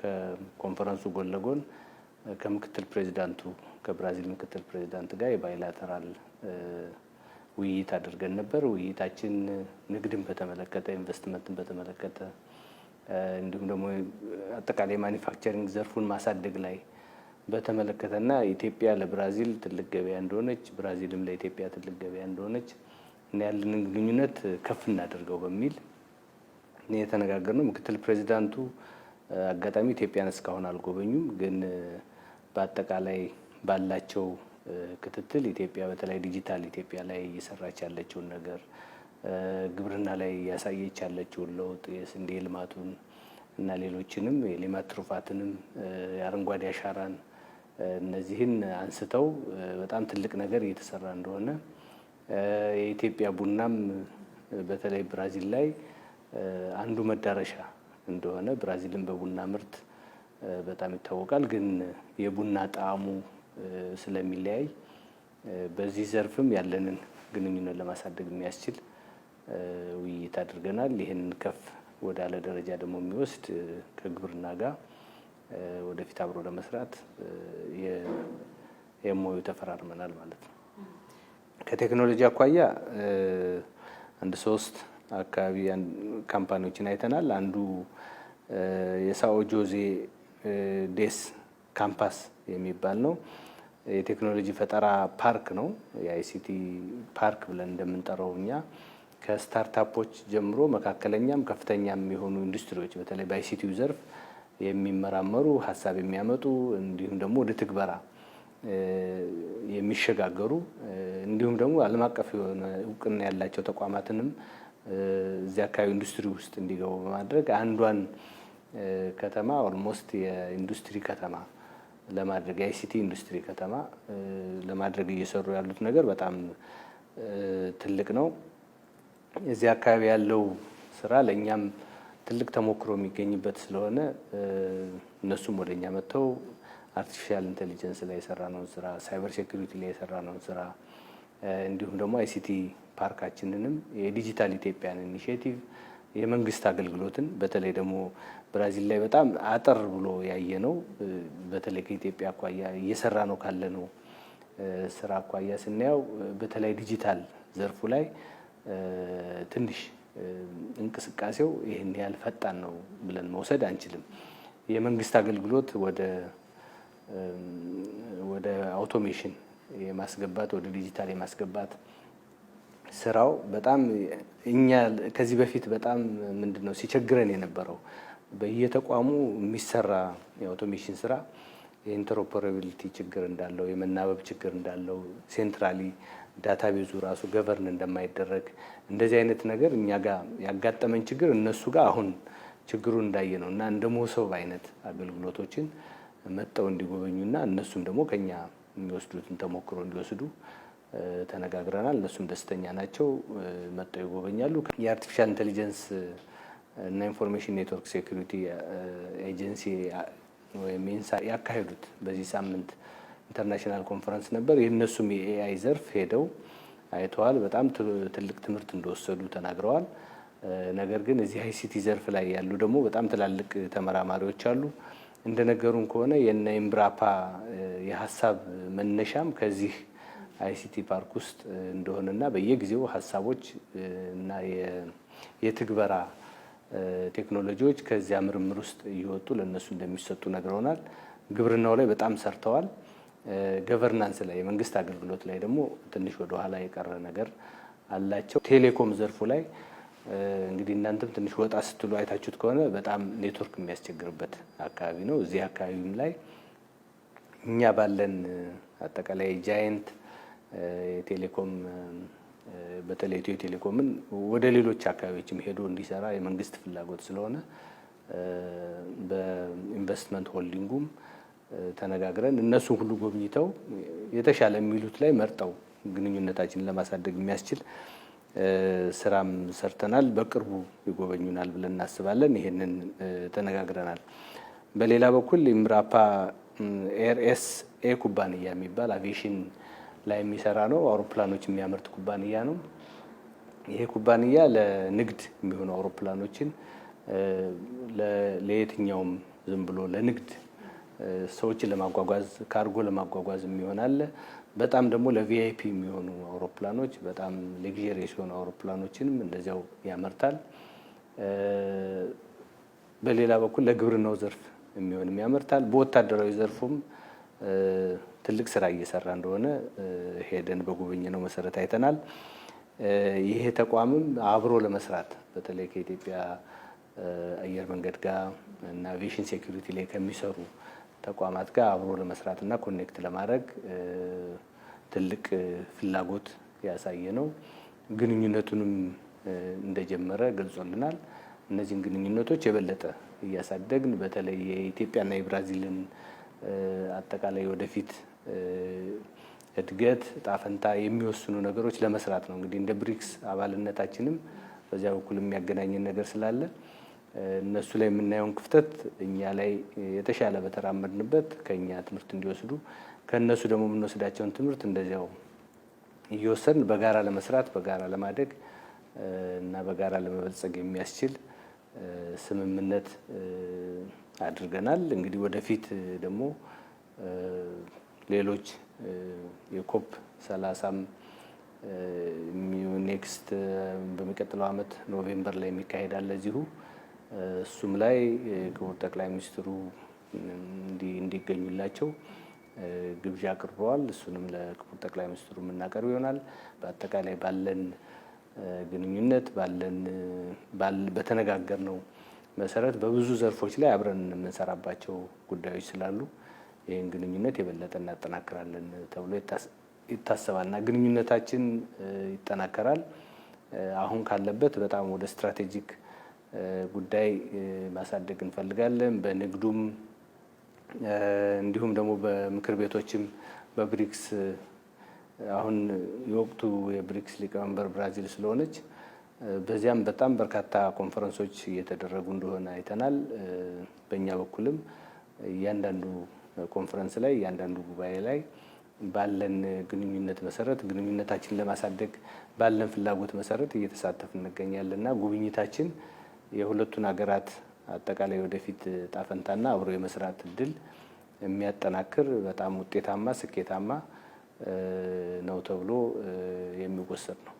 ከኮንፈረንሱ ጎን ለጎን ከምክትል ፕሬዚዳንቱ ከብራዚል ምክትል ፕሬዚዳንት ጋር የባይላተራል ውይይት አድርገን ነበር። ውይይታችን ንግድን በተመለከተ፣ ኢንቨስትመንትን በተመለከተ እንዲሁም ደግሞ አጠቃላይ ማኒፋክቸሪንግ ዘርፉን ማሳደግ ላይ በተመለከተና ኢትዮጵያ ለብራዚል ትልቅ ገበያ እንደሆነች ብራዚልም ለኢትዮጵያ ትልቅ ገበያ እንደሆነች እና ያለንን ግንኙነት ከፍ እናደርገው በሚል የተነጋገርነው ምክትል ፕሬዚዳንቱ አጋጣሚ ኢትዮጵያን እስካሁን አልጎበኙም፣ ግን በአጠቃላይ ባላቸው ክትትል ኢትዮጵያ በተለይ ዲጂታል ኢትዮጵያ ላይ እየሰራች ያለችውን ነገር ግብርና ላይ እያሳየች ያለችውን ለውጥ የስንዴ ልማቱን እና ሌሎችንም የሌማት ትሩፋትንም የአረንጓዴ አሻራን እነዚህን አንስተው በጣም ትልቅ ነገር እየተሰራ እንደሆነ የኢትዮጵያ ቡናም በተለይ ብራዚል ላይ አንዱ መዳረሻ እንደሆነ ብራዚልን በቡና ምርት በጣም ይታወቃል። ግን የቡና ጣዕሙ ስለሚለያይ በዚህ ዘርፍም ያለንን ግንኙነት ለማሳደግ የሚያስችል ውይይት አድርገናል። ይህንን ከፍ ወዳለ ደረጃ ደግሞ የሚወስድ ከግብርና ጋር ወደፊት አብሮ ለመስራት የሞዩ ተፈራርመናል ማለት ነው። ከቴክኖሎጂ አኳያ አንድ ሶስት አካባቢ ካምፓኒዎችን አይተናል። አንዱ የሳኦ ጆዜ ዴስ ካምፓስ የሚባል ነው። የቴክኖሎጂ ፈጠራ ፓርክ ነው፣ የአይሲቲ ፓርክ ብለን እንደምንጠራው እኛ ከስታርታፖች ጀምሮ መካከለኛም ከፍተኛም የሆኑ ኢንዱስትሪዎች በተለይ በአይሲቲው ዘርፍ የሚመራመሩ ሀሳብ የሚያመጡ እንዲሁም ደግሞ ወደ ትግበራ የሚሸጋገሩ እንዲሁም ደግሞ ዓለም አቀፍ የሆነ እውቅና ያላቸው ተቋማትንም እዚህ አካባቢ ኢንዱስትሪ ውስጥ እንዲገቡ በማድረግ አንዷን ከተማ ኦልሞስት የኢንዱስትሪ ከተማ ለማድረግ የአይሲቲ ኢንዱስትሪ ከተማ ለማድረግ እየሰሩ ያሉት ነገር በጣም ትልቅ ነው። እዚህ አካባቢ ያለው ስራ ለእኛም ትልቅ ተሞክሮ የሚገኝበት ስለሆነ እነሱም ወደ እኛ መጥተው አርቲፊሻል ኢንቴሊጀንስ ላይ የሰራነውን ስራ፣ ሳይበር ሴኩሪቲ ላይ የሰራነውን ስራ እንዲሁም ደግሞ አይሲቲ ፓርካችንንም የዲጂታል ኢትዮጵያን ኢኒሽቲቭ የመንግስት አገልግሎትን በተለይ ደግሞ ብራዚል ላይ በጣም አጠር ብሎ ያየ ነው። በተለይ ከኢትዮጵያ አኳያ እየሰራ ነው ካለ ነው ስራ አኳያ ስናየው በተለይ ዲጂታል ዘርፉ ላይ ትንሽ እንቅስቃሴው ይህን ያህል ፈጣን ነው ብለን መውሰድ አንችልም። የመንግስት አገልግሎት ወደ ወደ አውቶሜሽን የማስገባት ወደ ዲጂታል የማስገባት ስራው በጣም እኛ ከዚህ በፊት በጣም ምንድን ነው ሲቸግረን የነበረው በየተቋሙ የሚሰራ የአውቶሜሽን ስራ የኢንተሮፐራቢሊቲ ችግር እንዳለው የመናበብ ችግር እንዳለው ሴንትራሊ ዳታቤዙ ራሱ ገቨርን እንደማይደረግ እንደዚህ አይነት ነገር እኛ ጋር ያጋጠመን ችግር እነሱ ጋር አሁን ችግሩ እንዳየ ነው እና እንደ መሶብ አይነት አገልግሎቶችን መጠው እንዲጎበኙና እነሱም ደግሞ ከኛ የሚወስዱትን ተሞክሮ እንዲወስዱ ተነጋግረናል። እነሱም ደስተኛ ናቸው፣ መጥተው ይጎበኛሉ። የአርቲፊሻል ኢንቴሊጀንስ እና ኢንፎርሜሽን ኔትወርክ ሴኩሪቲ ኤጀንሲ ወይም ኢንሳ ያካሄዱት በዚህ ሳምንት ኢንተርናሽናል ኮንፈረንስ ነበር። የእነሱም የኤአይ ዘርፍ ሄደው አይተዋል። በጣም ትልቅ ትምህርት እንደወሰዱ ተናግረዋል። ነገር ግን እዚህ አይሲቲ ዘርፍ ላይ ያሉ ደግሞ በጣም ትላልቅ ተመራማሪዎች አሉ። እንደነገሩን ከሆነ የነ ኢምብራፓ የሀሳብ መነሻም ከዚህ አይሲቲ ፓርክ ውስጥ እንደሆነና በየጊዜው ሀሳቦች እና የትግበራ ቴክኖሎጂዎች ከዚያ ምርምር ውስጥ እየወጡ ለእነሱ እንደሚሰጡ ነግረውናል። ግብርናው ላይ በጣም ሰርተዋል። ገቨርናንስ ላይ የመንግስት አገልግሎት ላይ ደግሞ ትንሽ ወደኋላ የቀረ ነገር አላቸው። ቴሌኮም ዘርፉ ላይ እንግዲህ እናንተም ትንሽ ወጣ ስትሉ አይታችሁት ከሆነ በጣም ኔትወርክ የሚያስቸግርበት አካባቢ ነው። እዚህ አካባቢም ላይ እኛ ባለን አጠቃላይ ጃይንት የቴሌኮም በተለይ ኢትዮ ቴሌኮምን ወደ ሌሎች አካባቢዎችም ሄዶ እንዲሰራ የመንግስት ፍላጎት ስለሆነ በኢንቨስትመንት ሆልዲንጉም ተነጋግረን እነሱ ሁሉ ጎብኝተው የተሻለ የሚሉት ላይ መርጠው ግንኙነታችንን ለማሳደግ የሚያስችል ስራም ሰርተናል። በቅርቡ ይጎበኙናል ብለን እናስባለን። ይሄንን ተነጋግረናል። በሌላ በኩል ኢምራፓ ኤርኤስኤ ኩባንያ የሚባል አቪዬሽን ላይ የሚሰራ ነው። አውሮፕላኖች የሚያመርት ኩባንያ ነው። ይሄ ኩባንያ ለንግድ የሚሆኑ አውሮፕላኖችን ለየትኛውም ዝም ብሎ ለንግድ ሰዎችን ለማጓጓዝ ካርጎ ለማጓጓዝ የሚሆን አለ። በጣም ደግሞ ለቪአይፒ የሚሆኑ አውሮፕላኖች በጣም ሌግዠሪየስ የሆኑ አውሮፕላኖችንም እንደዚያው ያመርታል። በሌላ በኩል ለግብርናው ዘርፍ የሚሆንም ያመርታል። በወታደራዊ ዘርፉም ትልቅ ስራ እየሰራ እንደሆነ ሄደን በጉብኝ ነው መሰረት አይተናል። ይሄ ተቋምም አብሮ ለመስራት በተለይ ከኢትዮጵያ አየር መንገድ ጋር እና አቪዬሽን ሴኩሪቲ ላይ ከሚሰሩ ተቋማት ጋር አብሮ ለመስራት እና ኮኔክት ለማድረግ ትልቅ ፍላጎት ያሳየ ነው። ግንኙነቱንም እንደጀመረ ገልጾልናል። እነዚህን ግንኙነቶች የበለጠ እያሳደግን በተለይ የኢትዮጵያና የብራዚልን አጠቃላይ ወደፊት እድገት ጣፈንታ የሚወስኑ ነገሮች ለመስራት ነው። እንግዲህ እንደ ብሪክስ አባልነታችንም በዚያ በኩል የሚያገናኝን ነገር ስላለ እነሱ ላይ የምናየውን ክፍተት እኛ ላይ የተሻለ በተራመድንበት ከእኛ ትምህርት እንዲወስዱ ከእነሱ ደግሞ የምንወስዳቸውን ትምህርት እንደዚያው እየወሰድን በጋራ ለመስራት በጋራ ለማደግ እና በጋራ ለመበልጸግ የሚያስችል ስምምነት አድርገናል። እንግዲህ ወደፊት ደግሞ ሌሎች የኮፕ ሰላሳም ኔክስት በሚቀጥለው ዓመት ኖቬምበር ላይ የሚካሄዳል ለዚሁ እዚሁ እሱም ላይ ክቡር ጠቅላይ ሚኒስትሩ እንዲገኙላቸው ግብዣ አቅርበዋል። እሱንም ለክቡር ጠቅላይ ሚኒስትሩ የምናቀርብ ይሆናል። በአጠቃላይ ባለን ግንኙነት ባለን ነው መሰረት በብዙ ዘርፎች ላይ አብረን የምንሰራባቸው ጉዳዮች ስላሉ ይህን ግንኙነት የበለጠ እናጠናክራለን ተብሎ ይታሰባል እና ግንኙነታችን ይጠናከራል። አሁን ካለበት በጣም ወደ ስትራቴጂክ ጉዳይ ማሳደግ እንፈልጋለን። በንግዱም እንዲሁም ደግሞ በምክር ቤቶችም በብሪክስ አሁን የወቅቱ የብሪክስ ሊቀመንበር ብራዚል ስለሆነች በዚያም በጣም በርካታ ኮንፈረንሶች እየተደረጉ እንደሆነ አይተናል። በእኛ በኩልም እያንዳንዱ ኮንፈረንስ ላይ እያንዳንዱ ጉባኤ ላይ ባለን ግንኙነት መሰረት ግንኙነታችን ለማሳደግ ባለን ፍላጎት መሰረት እየተሳተፍ እንገኛለን እና ጉብኝታችን የሁለቱን ሀገራት አጠቃላይ ወደፊት ጣፈንታና አብሮ የመስራት እድል የሚያጠናክር በጣም ውጤታማ ስኬታማ ነው ተብሎ የሚወሰድ ነው።